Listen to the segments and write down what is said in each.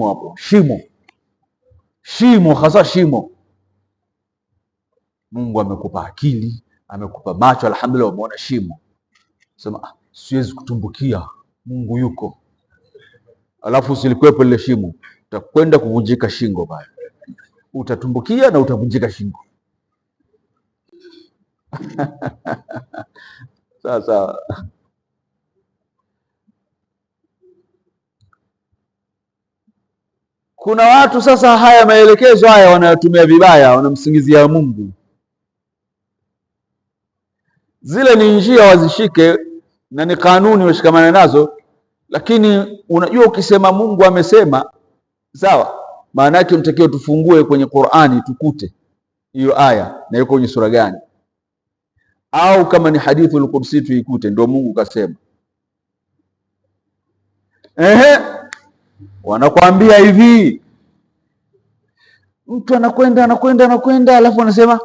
shimo hapo, shimo shimo, hasa shimo. Mungu amekupa akili, amekupa macho, alhamdulillah, umeona shimo, sema ah, siwezi kutumbukia, Mungu yuko. Alafu usilikwepo lile shimo, utakwenda kuvunjika shingo pale, utatumbukia na utavunjika shingo. Sasa Kuna watu sasa, haya maelekezo haya wanayotumia vibaya, wanamsingizia Mungu. Zile ni njia wazishike, na ni kanuni washikamane nazo, lakini unajua, ukisema Mungu amesema sawa, maana yake mtakiwa tufungue kwenye Qur'ani tukute hiyo aya na iko kwenye sura gani, au kama ni hadithi al-Qudsi tuikute, ndio Mungu kasema. Ehe wanakwambia hivi, mtu anakwenda anakwenda anakwenda, alafu anasema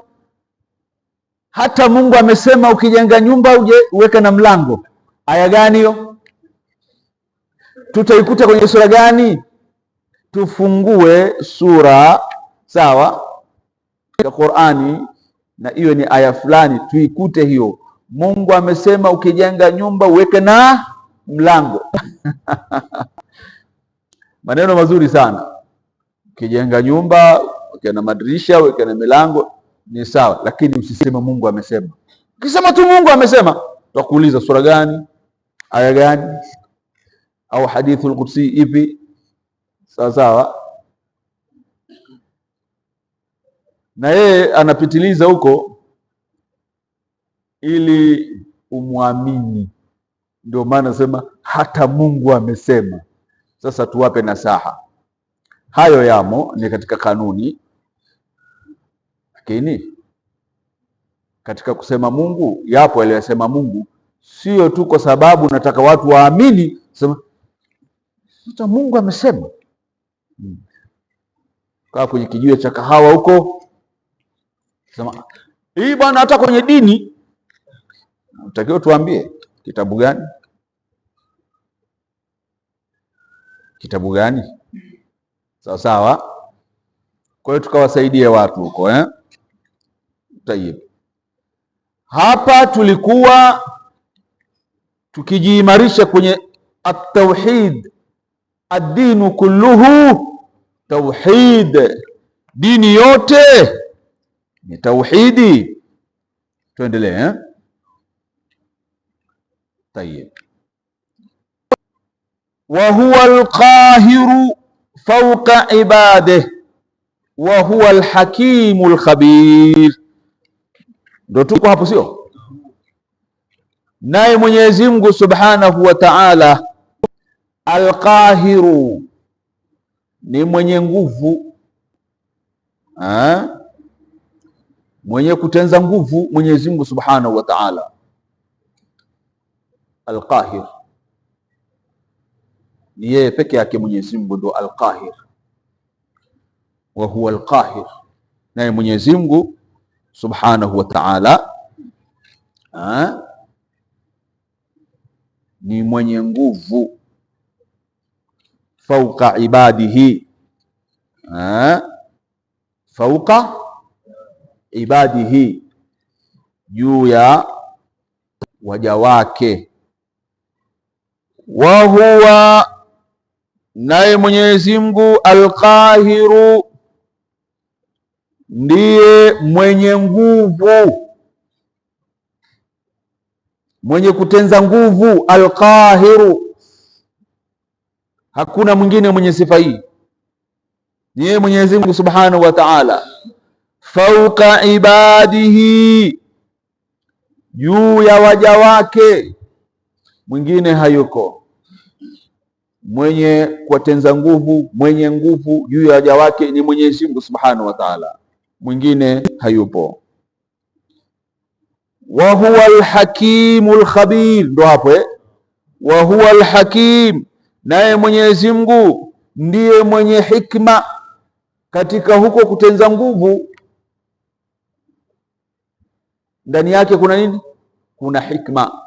hata Mungu amesema ukijenga nyumba uje uweke na mlango. Aya gani hiyo? Tutaikuta kwenye sura gani? Tufungue sura sawa ya Qur'ani, na iwe ni aya fulani tuikute hiyo. Mungu amesema ukijenga nyumba uweke na mlango maneno mazuri sana. Ukijenga nyumba ukiwa na madirisha ukiwa na milango ni sawa, lakini usisema Mungu amesema. Ukisema tu Mungu amesema, tutakuuliza sura gani, aya gani, au hadithul qudsi ipi? Sawa sawa. Na yeye anapitiliza huko ili umwamini, ndio maana nasema hata Mungu amesema sasa tuwape nasaha, hayo yamo ni katika kanuni, lakini katika kusema Mungu yapo aliyosema Mungu, sio tu kwa sababu nataka watu waamini. Sasa Mungu amesema hmm. Kaa kwenye kijiwe cha kahawa huko, sema hii bwana, hata kwenye dini takiwa tuambie kitabu gani kitabu gani? Mm. Sawa sawa. Kwa hiyo tukawasaidia watu huko eh? Tayeb, hapa tulikuwa tukijiimarisha kwenye at-tauhid, ad-dinu kulluhu tauhid, dini yote ni tauhidi. Tuendelee eh? Tayeb wa huwa alqahiru fawqa ibadihi wa huwa alhakimu alkhabir. Ndio tuko hapo, sio? Naye Mwenyezi Mungu Subhanahu wa Ta'ala alqahiru ni mwenye nguvu ha? mwenye kutenza nguvu Mwenyezi Mungu Subhanahu wa Ta'ala alqahir ni yeye peke yake Mwenyezi Mungu ndo Al-Qahir, wa huwa Al-Qahir, naye Mwenyezi Mungu Subhanahu wa Ta'ala ni mwenye nguvu fauka ibadihi ha? ibadihi, juu ya waja wake, wa huwa naye Mwenyezi Mungu Alqahiru ndiye mwenye nguvu, mwenye kutenza nguvu. Alqahiru, hakuna mwingine mwenye sifa hii, ni yeye Mwenyezi Mungu Subhanahu wa Ta'ala. Fauka ibadihi, juu ya waja wake, mwingine hayuko mwenye kuwatenza nguvu, mwenye nguvu juu ya waja wake ni Mwenyezi Mungu Subhanahu wa Ta'ala, mwingine hayupo. Wa huwa alhakimu alkhabir, ndo hapo eh. Wa huwa alhakim, naye Mwenyezi Mungu ndiye mwenye hikma katika huko kutenza nguvu. Ndani yake kuna nini? Kuna hikma.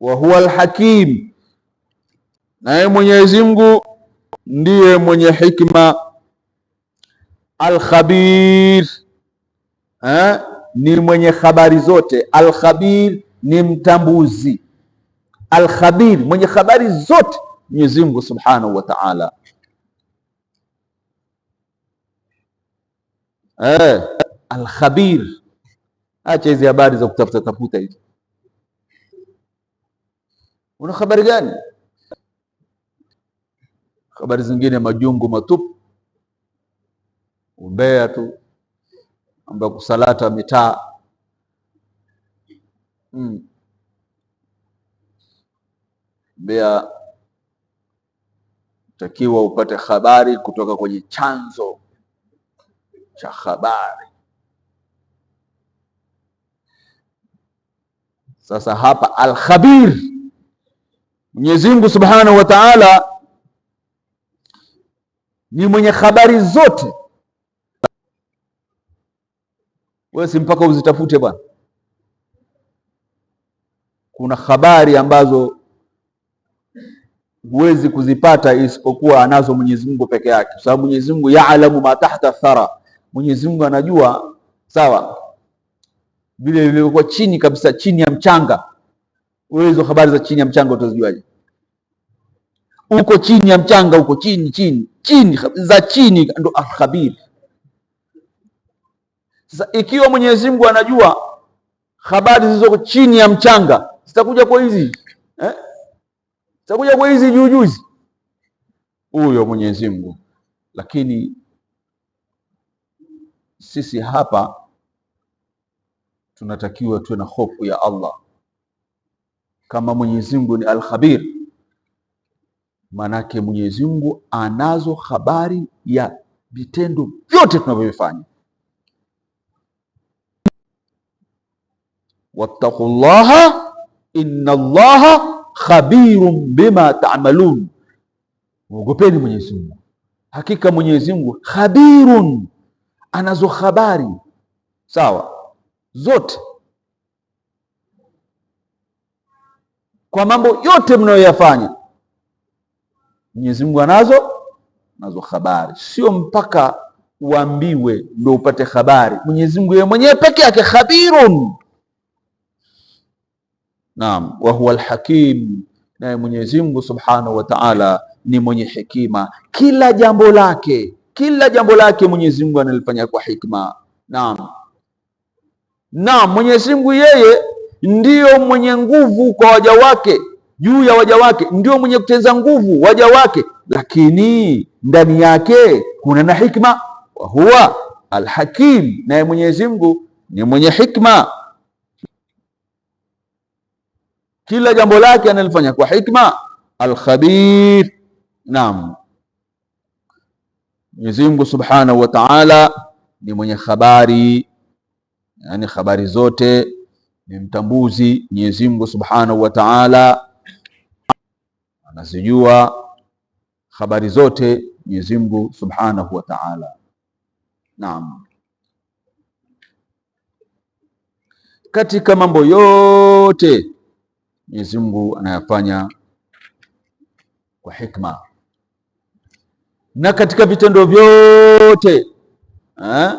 Wa huwa alhakim naye Mwenyezi Mungu ndiye mwenye hikma. Alkhabir eh, ni mwenye habari zote. Alkhabir ni mtambuzi. Alkhabir mwenye habari zote Mwenyezi Mungu Subhanahu wa Ta'ala. Eh, alkhabir, acha hizi habari za kutafuta tafuta hizi. Una habari gani? habari zingine majungu matupu, umbea tu, amba kusalata mitaa mm. Mbea takiwa upate habari kutoka kwenye chanzo cha habari. Sasa hapa al-khabir Mwenyezi Mungu Subhanahu wa Ta'ala ni mwenye habari zote. Wewe si mpaka uzitafute bwana. Kuna habari ambazo huwezi kuzipata isipokuwa anazo Mwenyezi Mungu peke yake, kwa sababu Mwenyezi Mungu yaalamu ma tahta thara, Mwenyezi Mungu anajua sawa vile vilivyokuwa chini kabisa, chini ya mchanga. Wewe hizo habari za chini ya mchanga utazijuaje? uko chini ya mchanga huko chini chini chini za chini, ndo alkhabir. Sasa ikiwa Mwenyezi Mungu anajua habari zilizoko chini ya mchanga zitakuja kwa hizi eh? zitakuja kwa hizi juu huyo Mwenyezi Mungu, lakini sisi hapa tunatakiwa tuwe na hofu ya Allah, kama Mwenyezi Mungu ni alkhabir Maanake Mwenyezi Mungu anazo habari ya vitendo vyote tunavyovifanya. Wattaqullaha inna Allaha khabirun bima ta'malun, mwogopeni Mwenyezi Mungu, hakika Mwenyezi Mungu khabirun, anazo habari sawa zote kwa mambo yote mnayoyafanya. Mwenyezi Mungu anazo nazo habari, sio mpaka uambiwe ndio upate habari. Mwenyezi Mungu yeye mwenyewe peke yake khabirun. Naam, wa huwa alhakim, naye Mwenyezi Mungu subhanahu wa ta'ala ni mwenye hekima. Kila jambo lake, kila jambo lake Mwenyezi Mungu analifanya kwa hikma. Naam, naam, Mwenyezi Mungu yeye ndiyo mwenye nguvu kwa waja wake juu ya waja wake, ndio mwenye kutenza nguvu waja wake, lakini ndani yake kuna na hikma. Wa huwa alhakim, naye Mwenyezi Mungu ni mwenye hikma. Kila jambo lake analifanya kwa hikma. Alkhabir, naam. Mwenyezi Mungu Subhanahu wa Ta'ala ni mwenye habari, yani habari zote, ni mtambuzi Mwenyezi Mungu Subhanahu wa Ta'ala anazijua habari zote Mwenyezi Mungu Subhanahu wa Ta'ala. Naam. Katika mambo yote Mwenyezi Mungu anayafanya kwa hikma na katika vitendo vyote eh,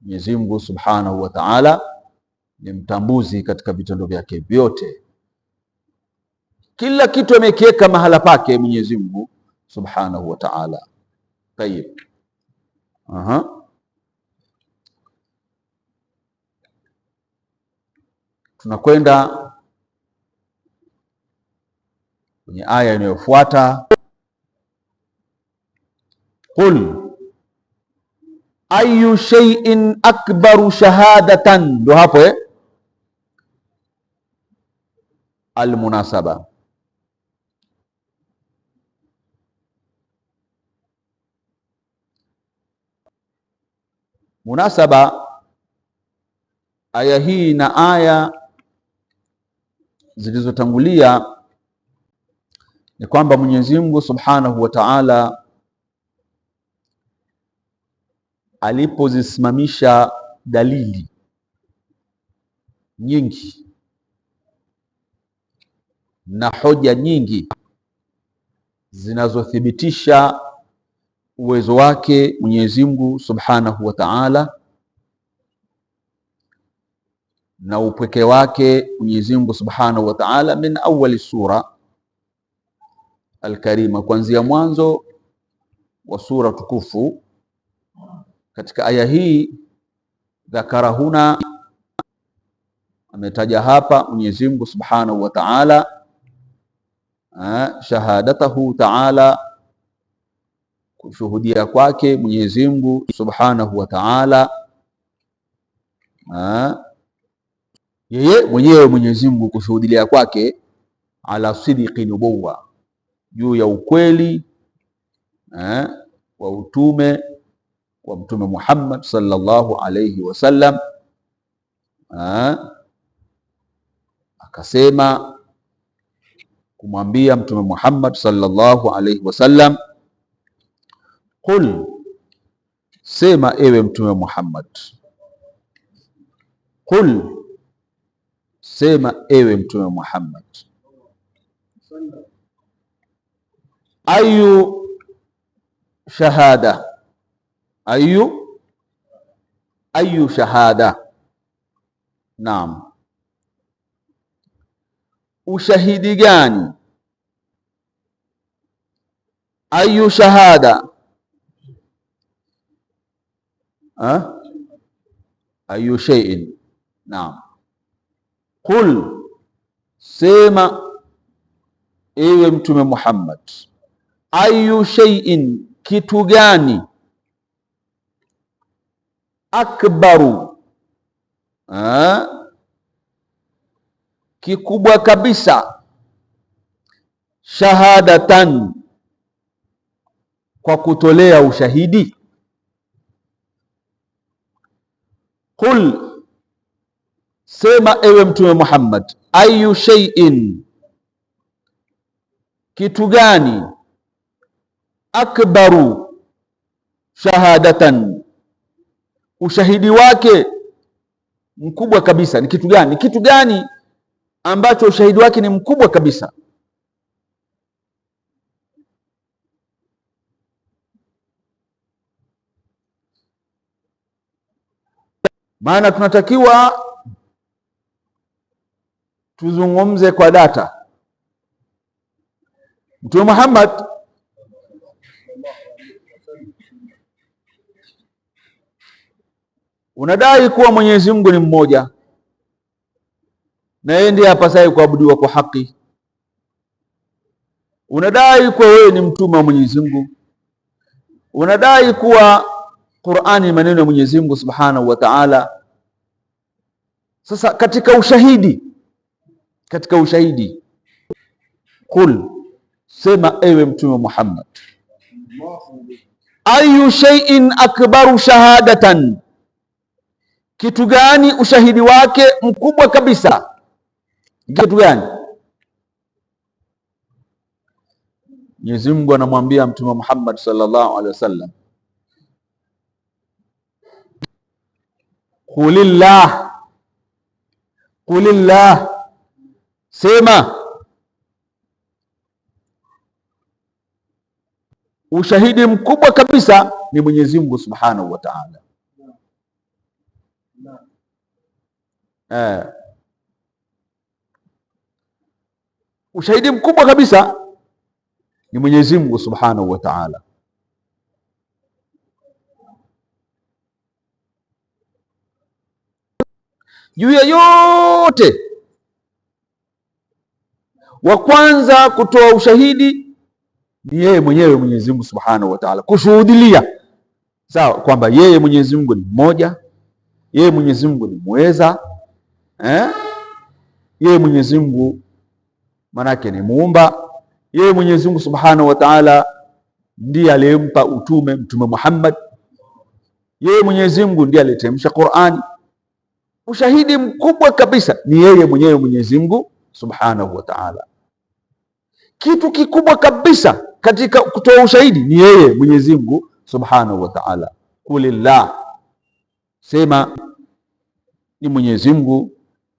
Mwenyezi Mungu Subhanahu wa Ta'ala ni mtambuzi katika vitendo vyake vyote. Kila kitu amekiweka mahala pake Mwenyezi Mungu subhanahu wa ta'ala. Tayib. Aha. Tunakwenda kwenye aya inayofuata, qul ayu shay'in akbaru shahadatan, ndo hapo eh, almunasaba Munasaba aya hii na aya zilizotangulia ni kwamba Mwenyezi Mungu Subhanahu wa Ta'ala alipozisimamisha dalili nyingi na hoja nyingi zinazothibitisha uwezo wake Mwenyezi Mungu Subhanahu wa Ta'ala na upweke wake Mwenyezi Mungu Subhanahu wa Ta'ala, min awali sura alkarima, kuanzia mwanzo wa sura tukufu. Katika aya hii dhakara huna ametaja hapa Mwenyezi Mungu Subhanahu wa Ta'ala eh, shahadatahu Ta'ala kushuhudia kwake Mwenyezi Mungu Subhanahu wa Ta'ala, yeye mwenyewe Mwenyezi Mungu kushuhudia kwake ala sidiqi nubuwa, juu ya ukweli ha, wa utume wa Mtume Muhammad sallallahu alayhi wasallam, akasema kumwambia Mtume Muhammad sallallahu alayhi wasallam Qul, sema ewe Mtume Muhammad. Qul, sema ewe Mtume Muhammad. Ayu shahada, ayu ayu shahada. Naam, ushahidi gani? Ayu shahada ha ayu shay'in. Naam, qul, sema ewe Mtume Muhammad, ayu shay'in, kitu gani akbaru ha? kikubwa kabisa, shahadatan, kwa kutolea ushahidi Qul, sema ewe Mtume Muhammad, ayu shay'in, kitu gani, akbaru shahadatan, ushahidi wake mkubwa kabisa. Ni kitu gani? Kitu gani ambacho ushahidi wake ni mkubwa kabisa Maana tunatakiwa tuzungumze kwa data. Mtume Muhammad unadai kuwa Mwenyezi Mungu ni mmoja na yeye ndiye apasaye kuabudiwa kwa haki. Unadai kuwa wewe ni mtume wa Mwenyezi Mungu, unadai kuwa Qur'ani ni maneno ya Mwenyezi Mungu Subhanahu wa Ta'ala. Sasa katika ushahidi, katika ushahidi, qul, sema ewe Mtume Muhammad, ayu shay'in akbaru shahadatan, kitu gani ushahidi wake mkubwa kabisa? Kitu gani? Mwenyezi Mungu anamwambia Mtume Muhammad sallallahu alaihi wasallam Kulillah, kulillah, sema. Ushahidi mkubwa kabisa ni Mwenyezi Mungu Subhanahu wa Ta'ala. Eh, ushahidi mkubwa kabisa ni Mwenyezi Mungu Subhanahu wa Ta'ala. juu ya yote, wa kwanza kutoa ushahidi ni yeye mwenyewe Mwenyezi Mungu Subhanahu wa Ta'ala, kushuhudilia sawa kwamba yeye Mwenyezi Mungu ni mmoja, yeye Mwenyezi Mungu ni muweza eh? yeye Mwenyezi Mungu manake ni muumba. Yeye Mwenyezi Mungu Subhanahu wa Ta'ala ndiye aliyempa utume Mtume Muhammad. Yeye Mwenyezi Mungu ndiye aliyetemsha Qur'ani ushahidi mkubwa kabisa ni yeye mwenyewe Mwenyezi Mungu Subhanahu wa Ta'ala. Kitu kikubwa kabisa katika kutoa ushahidi ni yeye Mwenyezi Mungu Subhanahu wa Ta'ala. Kulillah, sema ni Mwenyezi Mungu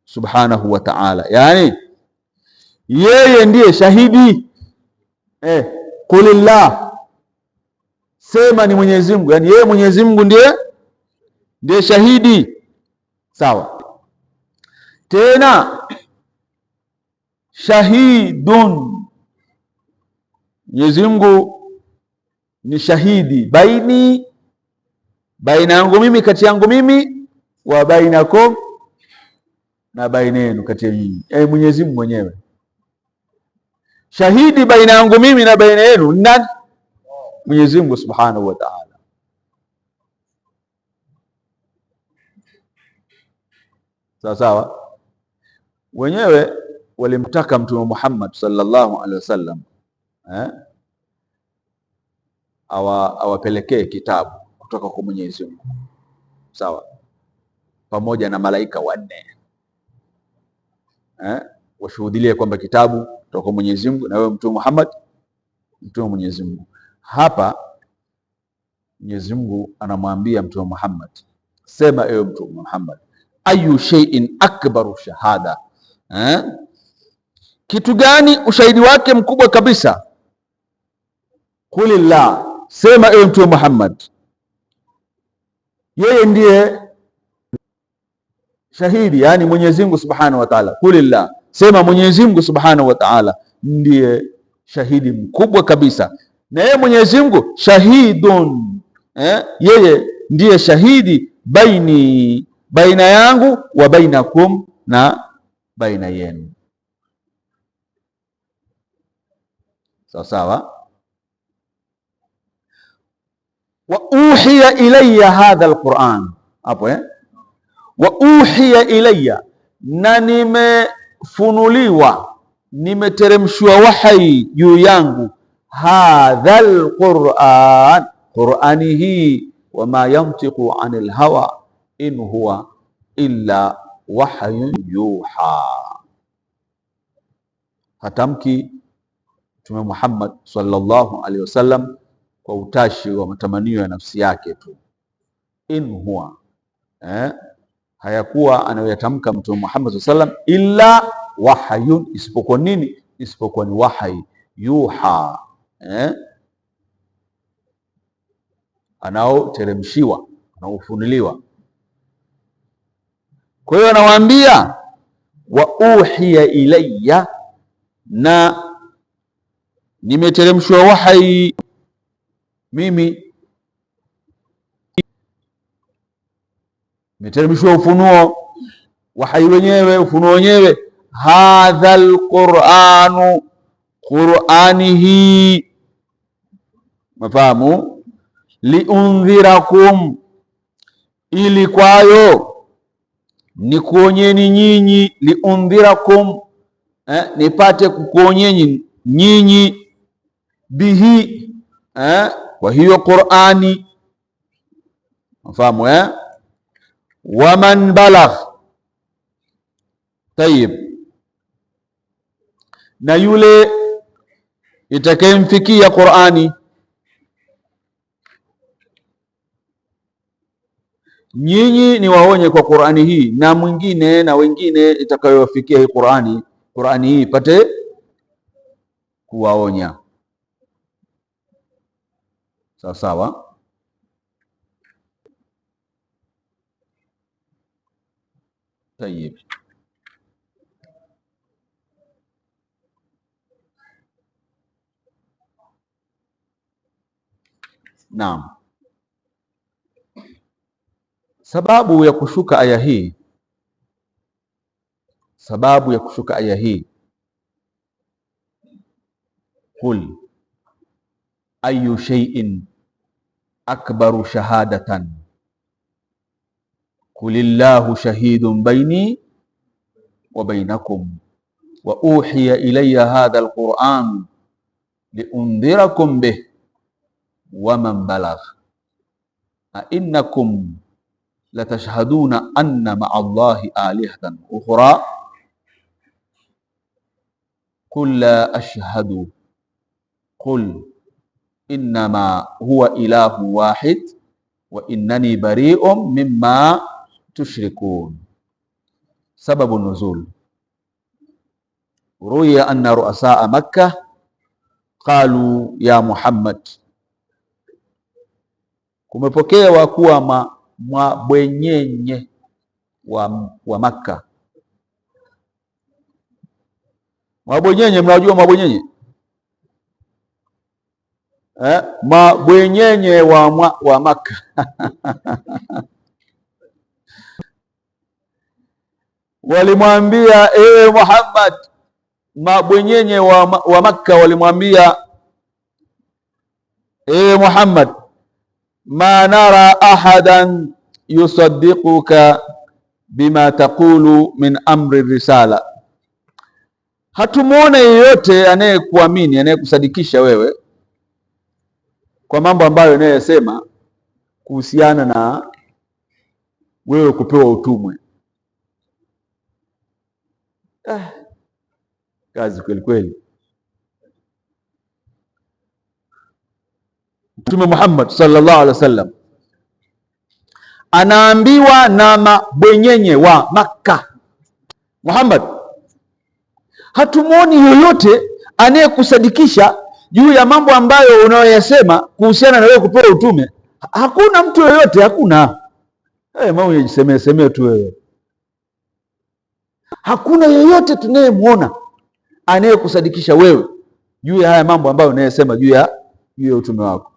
Subhanahu wa Ta'ala, yaani yeye ndiye shahidi eh. Kulillah, sema ni Mwenyezi Mungu, yaani yeye Mwenyezi Mungu ndiye ndiye shahidi Sawa. Tena shahidun, Mwenyezi Mungu ni shahidi baini, baina yangu mimi, kati yangu mimi, wa bainakum, na baina yenu, kati ya nyinyi. E, Mwenyezi Mungu mwenyewe shahidi baina yangu mimi na baina yenu, nani? Mwenyezi Mungu Subhanahu wa Ta'ala. Sawasawa, wenyewe walimtaka Mtume Muhammad sallallahu alaihi wasallam eh, awa awapelekee kitabu kutoka kwa Mwenyezi Mungu sawa, pamoja na malaika wanne eh, washuhudilie kwamba kitabu kutoka kwa Mwenyezi Mungu na wewe Mtume Muhammad mtume Mwenyezi Mungu. Hapa Mwenyezi Mungu anamwambia Mtume Muhammad, sema ewe Mtume Muhammad ayu shay'in akbaru shahada eh? Kitu gani ushahidi wake mkubwa kabisa? Kulillah, sema ewe Mtume Muhammad, yeye ndiye shahidi, yani Mwenyezi Mungu Subhanahu wa Ta'ala. Kulillah, sema Mwenyezi Mungu Subhanahu wa Ta'ala ndiye shahidi mkubwa kabisa, na yeye Mwenyezi Mungu shahidun eh? yeye ndiye shahidi baini baina yangu wa bainakum, na baina yenu. Sawa sawa. Wa uhiya ilayya hadha alquran, hapo eh, wa uhiya ilayya, na nimefunuliwa nimeteremshwa wahai juu yangu hadha alquran, qurani hii, wama yantiqu anil hawa in huwa illa wahyun yuha. Hatamki Mtume Muhammad sallallahu alaihi wasallam kwa utashi wa matamanio ya nafsi yake tu. In huwa eh, hayakuwa anayoyatamka Mtume Muhammad sallallahu alaihi wasallam illa wahyun, isipokuwa nini? Isipokuwa ni wahyi yuha eh, anaoteremshiwa anaofunuliwa kwa hiyo anawaambia wa uhiya ilayya, na nimeteremshwa wahai mimi, nimeteremshwa ufunuo, wahai wenyewe, ufunuo wenyewe. Hadha alquranu, qurani hii, mafahamu liundhirakum, ili kwayo ni kuonyeni nyinyi, liundhirakum eh, nipate kukuonyeni nyinyi, bihi eh, kwa hiyo Qur'ani, mfahamu eh, waman balagh tayib, na yule itakayemfikia Qur'ani nyinyi ni waonye kwa Qur'ani hii na mwingine na wengine itakayowafikia hii Qur'ani, Qur'ani hii ipate kuwaonya sawa sawa. Tayeb, naam. Sababu ya kushuka aya hii, sababu ya kushuka aya hii, kul ayu shay'in akbaru shahadatan kulillahu shahidun baini wa bainakum wa uhiya ilayya hadha alquran liundhirakum bih wa man balagh a innakum لتشهدون أن مع الله آلهة أخرى قل لا أشهد قل إنما هو إله واحد وإنني بريء مما تشركون سبب النزول روي أن رؤساء مكة قالوا يا محمد كما kuwa وكوما mwa bwenyenye wa, wa Makka. Mabwenyenye, mnajua mwabwenyenye eh? Mabwenyenye wa, mwa, wa Makka walimwambia ewe Muhammad, mabwenyenye wa, wa Makka walimwambia ewe Muhammad ma nara ahadan yusaddiquka bima taqulu min amri risala, hatumuone yeyote anayekuamini anayekusadikisha wewe kwa mambo ambayo inayosema kuhusiana na wewe kupewa utumwe. Ah, kazi kweli kweli. Mtume Muhammad sallallahu alaihi wasallam anaambiwa na mabwenyenye wa Makka, Muhammad, hatumwoni yoyote anayekusadikisha juu ya mambo ambayo unayoyasema kuhusiana na wewe kupewa utume. Hakuna mtu yoyote, hakuna hey, eh, mambo unajisemea tu wewe. Hakuna yoyote tunayemwona anayekusadikisha wewe juu ya haya mambo ambayo unayosema juu ya juu ya utume wako.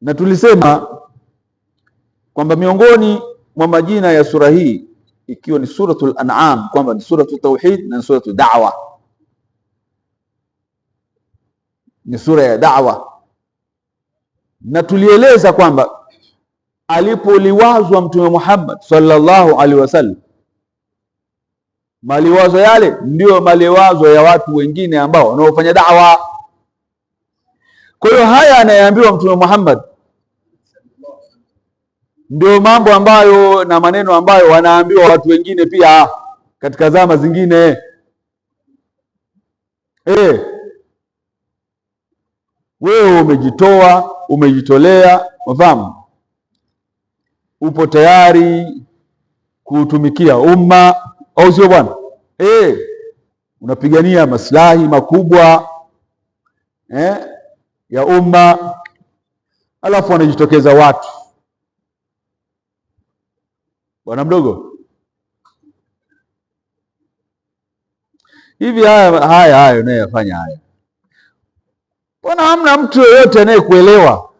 na tulisema kwamba miongoni mwa majina ya sura hii ikiwa ni suratul An'am, kwamba ni suratu tauhid na suratu da'wa, ni sura ya da'wa, na tulieleza kwamba alipoliwazwa Mtume Muhammad sallallahu alaihi wasallam, maliwazo yale ndiyo maliwazo ya watu wengine ambao wanaofanya da'wa. Kwa hiyo haya anayeambiwa Mtume Muhammad ndio mambo ambayo na maneno ambayo wanaambiwa watu wengine pia katika zama zingine eh, wewe umejitoa, umejitolea, mafahamu, upo tayari kutumikia umma, au sio bwana? Eh, unapigania maslahi makubwa eh, ya umma, alafu wanajitokeza watu bwana mdogo. Hivi haya haya haya unayoyafanya haya, mbona hamna mtu yoyote anayekuelewa?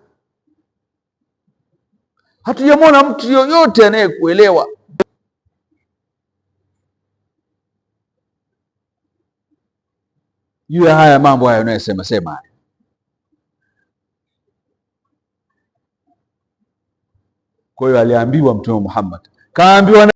Hatujamwona mtu yoyote anayekuelewa. juu ya haya mambo haya unayosema sema haya kwa hiyo aliambiwa Mtume Muhammad kaambiwa